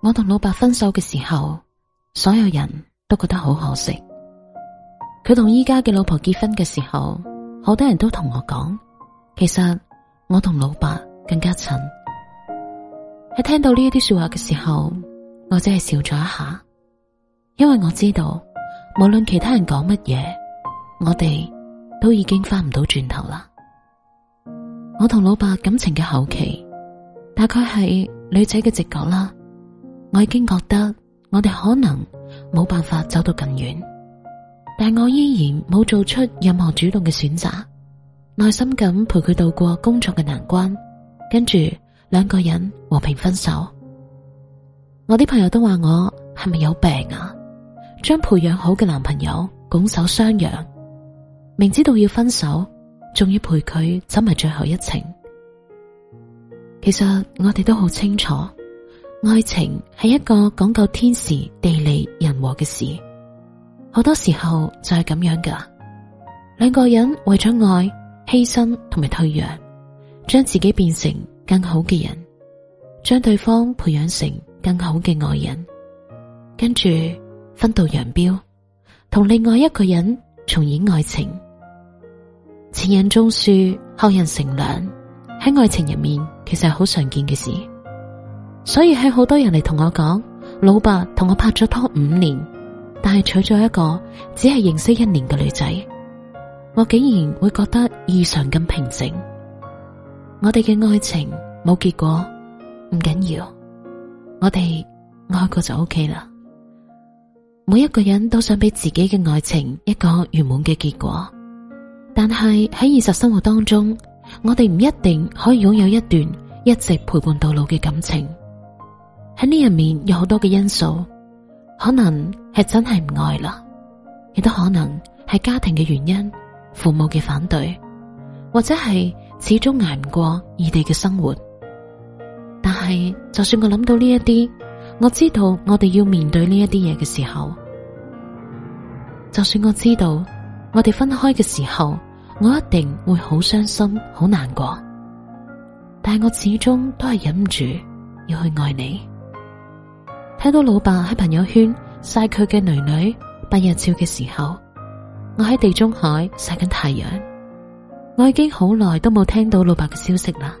我同老白分手嘅時候，所有人都覺得好可惜。佢同依家嘅老婆結婚嘅時候，好多人都同我講，其實我同老白更加襯。喺聽到呢一啲說話嘅時候，我只係笑咗一下，因為我知道無論其他人講乜嘢。我哋都已經翻唔到轉頭啦。我同老伯感情嘅後期，大概係女仔嘅直覺啦。我已經覺得我哋可能冇辦法走到更遠，但我依然冇做出任何主動嘅選擇，耐心咁陪佢度過工作嘅難關，跟住兩個人和平分手。我啲朋友都話我係咪有病啊？將培養好嘅男朋友拱手相讓。明知道要分手，仲要陪佢走埋最後一程。其實我哋都好清楚，愛情係一個講究天時地利人和嘅事。好多時候就係咁樣噶，兩個人為咗愛犧牲同埋退讓，將自己變成更好嘅人，將對方培養成更好嘅愛人，跟住分道揚鑣，同另外一個人重演愛情。前人種樹，後人乘涼。喺愛情入面，其實係好常見嘅事。所以喺好多人嚟同我講，老伯同我拍咗拖五年，但係娶咗一個只係認識一年嘅女仔，我竟然會覺得異常咁平靜。我哋嘅愛情冇結果唔緊要，我哋愛過就 O K 啦。每一個人都想俾自己嘅愛情一個圓滿嘅結果。但係喺現實生活當中，我哋唔一定可以擁有一段一直陪伴到老嘅感情。喺呢入面有好多嘅因素，可能係真係唔愛啦，亦都可能係家庭嘅原因、父母嘅反對，或者係始終挨唔過異地嘅生活。但係就算我諗到呢一啲，我知道我哋要面對呢一啲嘢嘅時候，就算我知道我哋分開嘅時候。我一定會好傷心、好難過，但係我始終都係忍唔住要去愛你。睇到老爸喺朋友圈晒佢嘅女女八日照嘅時候，我喺地中海曬緊太陽。我已經好耐都冇聽到老爸嘅消息啦。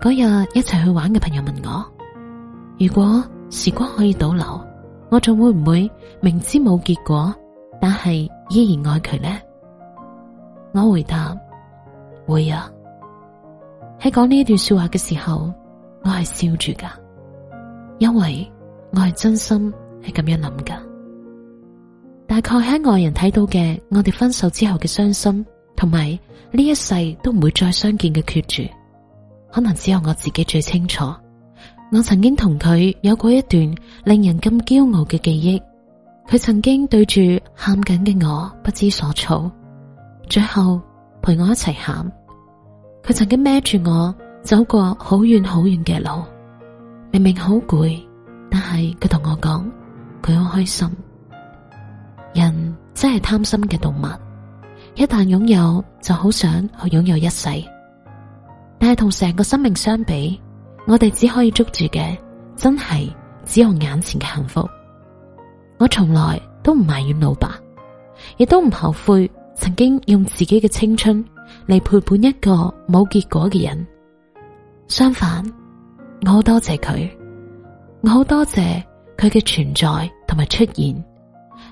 嗰日一齊去玩嘅朋友問我：如果時光可以倒流，我仲會唔會明知冇結果，但係依然愛佢呢？我回答：會啊。喺講呢一段說話嘅時候，我係笑住噶，因為我係真心係咁樣諗噶。大概喺外人睇到嘅我哋分手之後嘅傷心，同埋呢一世都唔會再相見嘅決絕，可能只有我自己最清楚。我曾經同佢有過一段令人咁驕傲嘅記憶，佢曾經對住喊緊嘅我，不知所措。最後陪我一齊喊，佢曾經孭住我走過好遠好遠嘅路，明明好攰，但係佢同我講佢好開心。人真係貪心嘅動物，一旦擁有就好想去擁有一世，但係同成個生命相比，我哋只可以捉住嘅真係只有眼前嘅幸福。我從來都唔埋怨老爸，亦都唔後悔。曾經用自己嘅青春嚟陪伴一個冇結果嘅人，相反，我好多謝佢，我好多謝佢嘅存在同埋出現，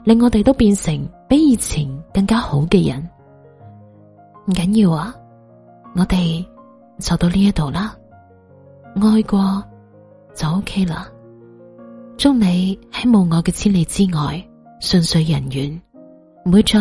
令我哋都變成比以前更加好嘅人。唔緊要啊，我哋就到呢一度啦，愛過就 OK 啦。祝你喺無我嘅千里之外，順遂人願，唔會再。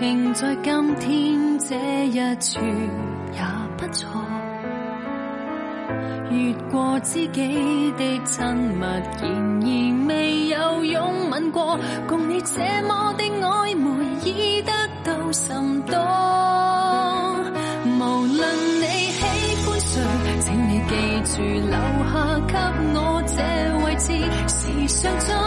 停在今天這一處也不錯。越過自己的親密，然而未有擁吻過。共你這麼的曖昧，已得到甚多。無論你喜歡誰，請你記住留下給我這位置，時常在。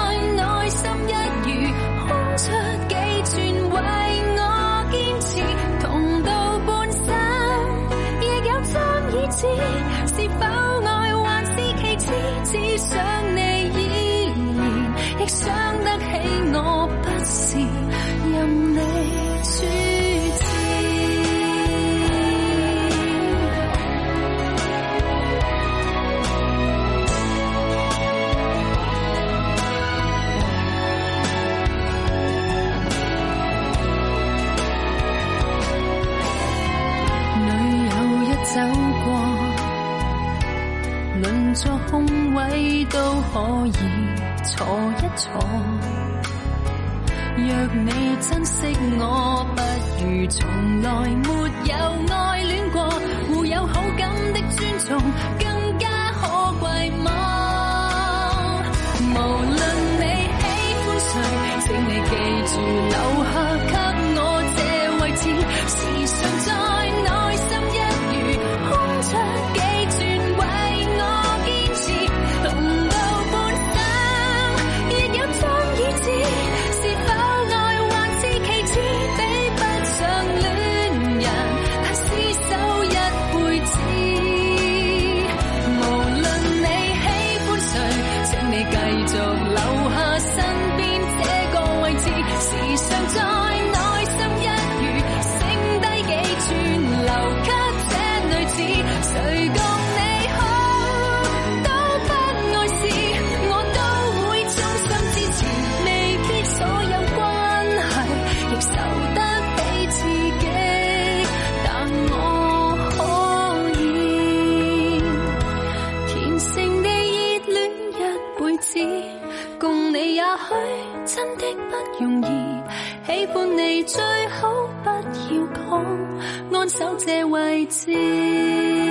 走過，鄰座空位都可以坐一坐。若你珍惜我，不如從來沒有愛戀過，互有好感的尊重。這位置。